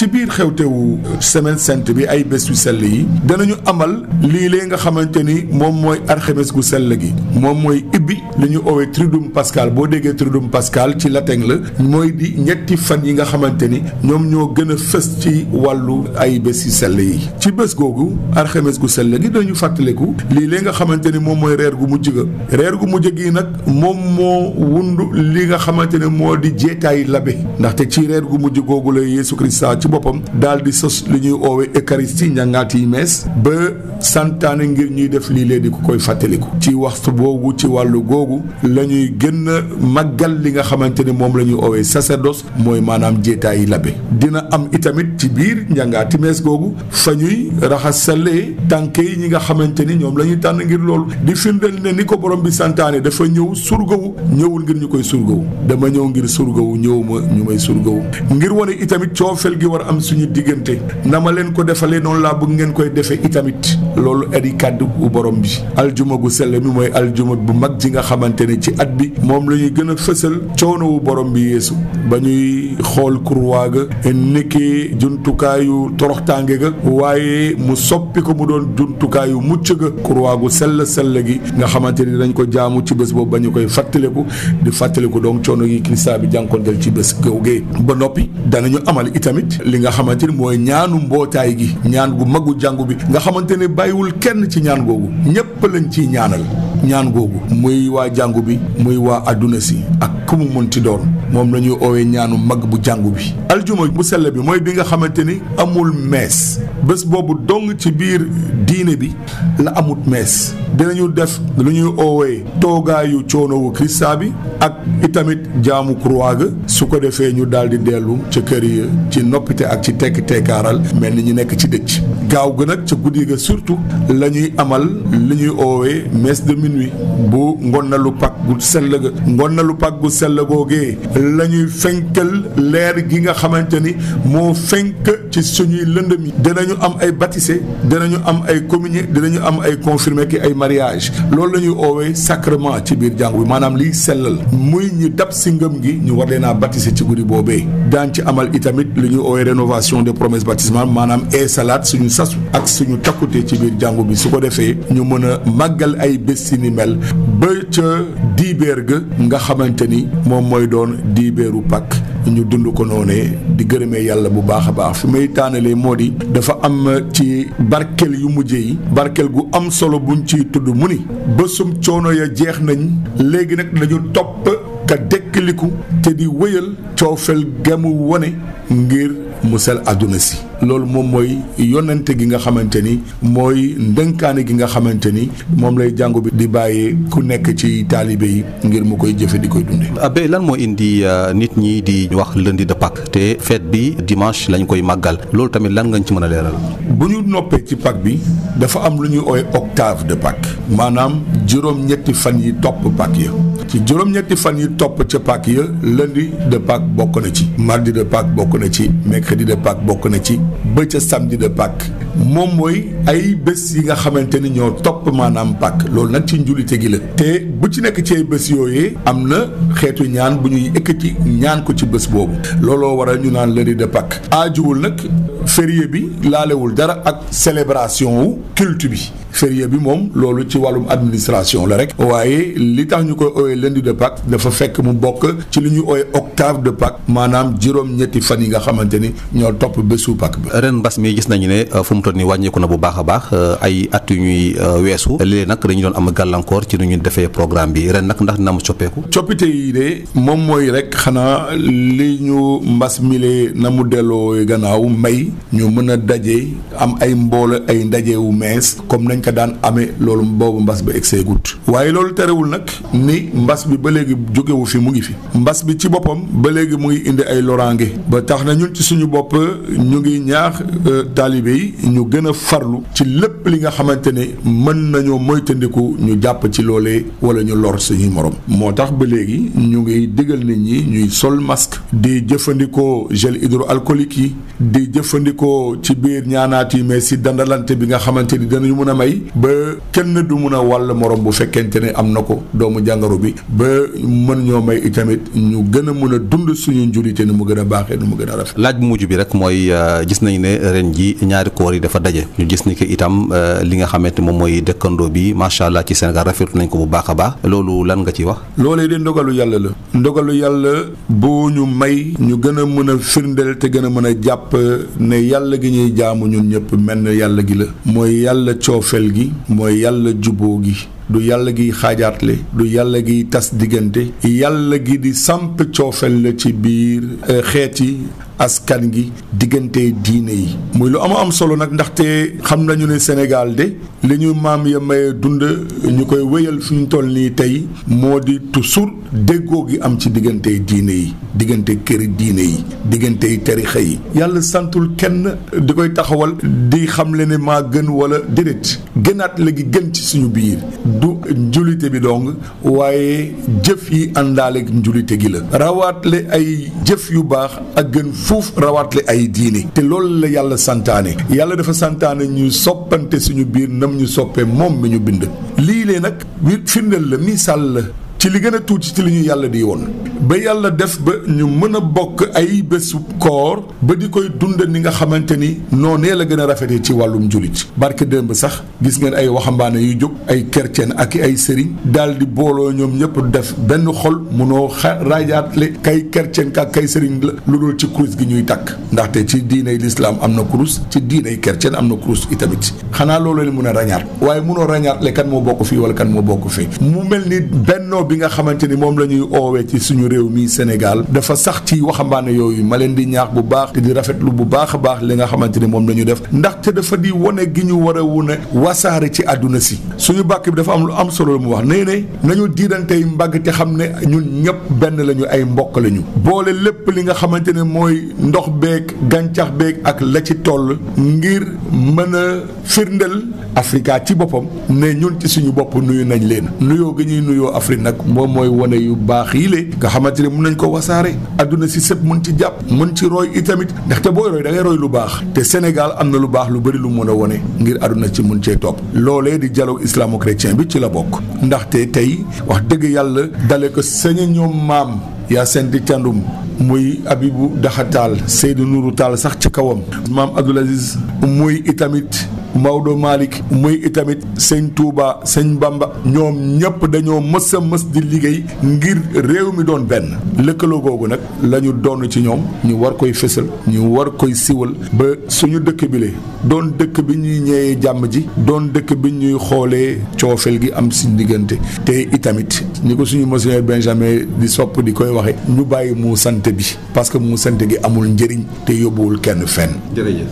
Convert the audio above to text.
ci biir xewtewu semaine sainte bi ay bés yu sell yi dana ñu amal lii lee nga xamante ni moom mooy arxemes gu sell gi moom mooy ibbi li ñu oowee tridum pascal boo déggee tridum pascal ci latin la mooy di ñetti fan yi nga xamante ni ñoom ñoo gën a fës ci wàllu ay bés yu sell yi ci bés googu arxemes gu sell gi dañu fàttaliku lii lee nga xamante ni moom mooy reer gu mujj ga reer gu mujj gi nag moom moo wund li nga xamante ni moo di jeetaay labe ndaxte ci reer gu mujj googu la Yeesu Kirist boppam daal di sos li ñuy oowee Eucharistie njàngaat yi mees ba santaane ngir ñuy def lii léegi di ko koy fàttaliku ci waxtu boobu ci wàllu googu la ñuy gën a màggal li nga xamante ni moom la ñuy oowee sacerdoce mooy maanaam jéetaayi labe dina am itamit ci biir njàngaati mees googu fa ñuy raxasalee tànk yi ñi nga xamante ni ñoom la ñuy tànn ngir loolu di firndeel ne ni ko borom bi santaane dafa ñëw surgawu ñëwul ngir ñu koy surgawu dama ñëw ngir surgawu ñëwuma ñu may war am suñu diggante na leen ko defalee noonu laa bëgg ngeen koy defee itamit loolu ari kàddu bu borom bi aljuma gu sell mi mooy aljuma bu mag ji nga xamante ne ci at bi moom la ñuy gën a fësal coono wu borom bi yéesu ba ñuy xool croix ga nekkee jumtukaayu toroxtaange ga waaye mu soppi ko mu doon jumtukaayu mucc ga croix gu sell sell gi nga xamante ni dañ ko jaamu ci bés boobu ba ñu koy fàttaliku di fàttaliku donc coono yi Kirista bi jànkonteel ci bés googee ba noppi danañu amal itamit li nga xamante ni mooy ñaanu mbootaay gi ñaan gu magu jàngu bi nga xamante ni bàyyiwul kenn ci ñaan googu ñëpp lañ ciy ñaanal ñaan googu muy waa jàngu bi muy waa àdduna si ak ku mu mënti doon moom la ñuy ñaanu mag bu jàngu bi aljuma bu sell bi mooy bi nga xamante ni amul mees bés boobu dong ci biir diine bi la amut mees dinañu def lu ñuy oowee toogaayu coonowu Kirista bi ak itamit jaamu croix ga su ko defee ñu daal di dellu ca kër yi ci noppite ak ci tekk tekkaaral mel ni ñu nekk ci dëcc gaaw ga nag ca guddi ga surtout la amal li ñuy oowee messe de minuit bu ngonalu pàkk gu sell ga ngonalu pàkk gu sell googee la ñuy fenkal leer gi nga xamante ni moo fenk ci suñuy lëndëm yi dinañu am ay baptisé dinañu am ay communié dinañu am ay confirmé ki ay mariage loolu la ñuy oowee sacrement ci biir jàngu bi maanaam liy sellal muy ñi dab si ngëm gi ñu war leen batise ci guddi boobee daan ci amal itamit li ñuy oowee rénovation de promesses baptismales maanaam e salaat suñu sasu ak suñu takkutee ci biir jàngu su ko defee ni mel ba ca diibeer ga nga xamante ni moom mooy doon diibeeru Pâques ñu dund ko noonee di gërëme yàlla bu baax a baax fi may taanalee moo di dafa am ci barkel yu mujj yi barkel gu am solo buñ ci tudd mu ni bésum coono ya jeex nañ léegi nag dañu topp ka dekkiliku te di wëyal coofel gamu wone ngir mu sel àdduna si loolu moom mooy yonente gi nga xamante ni mooy ndënkaane gi nga xamante ni moom lay jàngu bi di bàyyee ku nekk ci taalibe yi ngir mu koy jëfe di koy dunde abbé lan moo indi euh, nit ñi di wax lundi de Pâques te fête bi dimanche lañ koy màggal loolu tamit lan ngañ ci mën a leeral bu ñu noppee ci Pâques bi dafa am lu ñuy ooy octave de Pâques maanaam juróom-ñetti fan yi topp Pâques ya ci juróom-ñetti fan yi topp ca Pâques ya lundi de Pâques bokk na ci mardi de Pâques bokk na ci mercredi de Pâques bokk na ci bëcca sam di de Pâques moom mooy ay bés yi nga xamante ni ñoo topp maanaam Pâques loolu nag ci njulite gi la te bu ci nekk ci ay bés yooyee am na xeetu ñaan bu ñuy yëkkati ñaan ko ci bés boobu looloo waral ñu naan lundi de Pâques aajuwul nag fërie bi laalewul dara ak célébration wu culte bi férié bi moom loolu ci wàllum administration la rek waaye li tax ñu koy ooyee lundi de Pâques dafa fekk mu bokk ci li ñu ooyee octave de Pâques maanaam juróom-ñetti fan yi nga xamante ni ñoo topp bésu Pâques bi mbas mi gis nañu ne euh, mu toll nii wàññeeku na bu baax a baax euh, ay at yu ñuy euh, weesu léeg nag dañu doon am gàllankoor ci nu ñu defee programme bi ren nag ndax dina am soppeeku. coppite yi de moom mooy rek xanaa li ñu mbas mile na mu delloo gannaaw may ñu mën a daje am ay mbool ay ndaje wu mees comme nañ ko daan amee loolu boobu mbas bi egg see gut waaye loolu terewul nag ni mbas bi ba léegi jógewu fi mu ngi fi mbas bi ci boppam ba léegi mu ngi indi ay loraange ba tax na ñun ci suñu bopp ñu ngi ñaax euh, taalibe yi ñu gën a farlu ci lépp li nga xamante ne mën nañoo moytandiku ñu jàpp ci loolee wala ñu lor suñuy morom moo tax ba léegi ñu ngi digal nit ñi ñuy sol masque di jëfandikoo gel hydroalcoolique yi di jëfandikoo ci biir ñaanaat yi mais si dandalante bi nga xamante ni danañu mën a may ba kenn du mun a wàll morom bu fekkente ne am na ko doomu jàngoro bi ba mën ñoo may itamit ñu gën a mun a dund suñu njurite ni mu gën a baaxee ni mu gën a rafet. laaj bu mujj bi rek mooy euh, gis nañ ne ren ji ñaari koor dafa daje ñu gis ni que itam euh, li nga xamante moom mooy dëkkandoo bi macha allah ci Sénégal rafetlu nañ ko bu baax a baax loolu lan nga ci wax. loolee de ndogalu yàlla la. ndogalu yàlla boo ñu may. ñu gën a mën a firndeel te gën a mën a jàpp ne yàlla gi ñuy jaamu ñun ñëpp mel na yàlla gi la. mooy yàlla coofeel gi. mooy yàlla juboo gi. du yàlla gi xaajaatle du yàlla gi tas diggante yàlla gi di samp coofeel la ci biir euh, xeet yi askan gi diggante diine yi muy lu am am solo nag ndaxte xam nañu ne Sénégal de li ñu maam ya maye dund ñu koy wéyal ñu toll nii tey moo di toujours déggoo gi am ci diggante diine yi diggante këri diine yi diggante tarixa yi yàlla santul kenn di koy taxawal di xam le ne maa gën wala déedéet gënaat léegi gën ci suñu biir du njulite bi dong waaye jëf yi àndaaleeg njulite gi la rawaat le ay jëf yu baax ak gën fuuf rawatle ay diine te loolu la yàlla santaane yàlla dafa santaane ñu soppante suñu biir nam ñu soppe moom mi ñu bind lii lee nag firndeel la misaal la ci li gën a tuuti ci li ñu yàlla di woon ba yàlla def ba ñu mën a bokk ay bésu koor ba di koy dund ni nga xamante ni noonee la gën a rafetee ci wàllum jullit barke démb sax gis ngeen ay waxambaane yu jóg ay kerceen ak ay sëriñ daal di booloo ñoom ñëpp def benn xol munoo xa raajaatle kay kerceen ka kay sëriñ la lu dul ci kurus gi ñuy takk ndaxte ci diinay lislaam am na kurus ci diinay kercen am na kurus itamit xanaa loolu la mën a rañaat waaye mënoo rañaatle moo bokk fii wala kan moo bokk fii bi nga xamante ni moom la ñuy oowee ci suñu réew mii Sénégal dafa sax ci waxambaane yooyu ma leen di ñaax bu baax te di rafetlu bu baax a baax li nga xamante ni moom lañu ñu def ndaxte dafa di wane gi ñu war a wune wasaare ci àdduna si suñu bàkk bi dafa am lu am solo mu wax nee ne nañu diirantey mbàgg te xam ne ñun ñëpp benn lañu ay mbokk lañu boole lépp li nga xamante ne mooy ndox beeg gàncax beeg ak la ci toll ngir mën a firndeel Afrika ci boppam ne ñun ci suñu bopp nuyu nañ leen nuyoo gi ñuy nuyoo Afrique nag moom mooy wane yu baax yii le nga xamante ne mun nañ ko wasaare àdduna si sëpp mën ci jàpp mën ci roy itamit ndaxte booy roy da ngay roy lu baax te Sénégal am na lu baax lu bari lu mën a wone ngir àdduna ci mun cee topp loolee di dialogue islaamu chrétien bi ci la bokk ndaxte tey wax dëgg yàlla dale ko saña ñoom maam yaa seen di candum muy Abibu Daxa Taal Seydou nuru Taal sax ci kawam maam Abdoul Aziz muy itamit Maodo Malick muy itamit sëñ Touba sëñ Bamba ñoom ñëpp dañoo mës mës di liggéey ngir réew mi doon benn lëkkaloo googu nag lañu donn ci ñoom ñu war koy fësal ñu war koy siwal ba suñu dëkk bi le doon dëkk bi ñuy ñëwee jàmm ji doon dëkk bi ñuy xoolee coofeel gi am suñu diggante te itamit ñi ko suñu monsieur Benjamin di sopp di koy waxe ñu bàyyi mu sant bi parce que mu sant gi amul njëriñ te yóbbuwul kenn fenn jërëjëf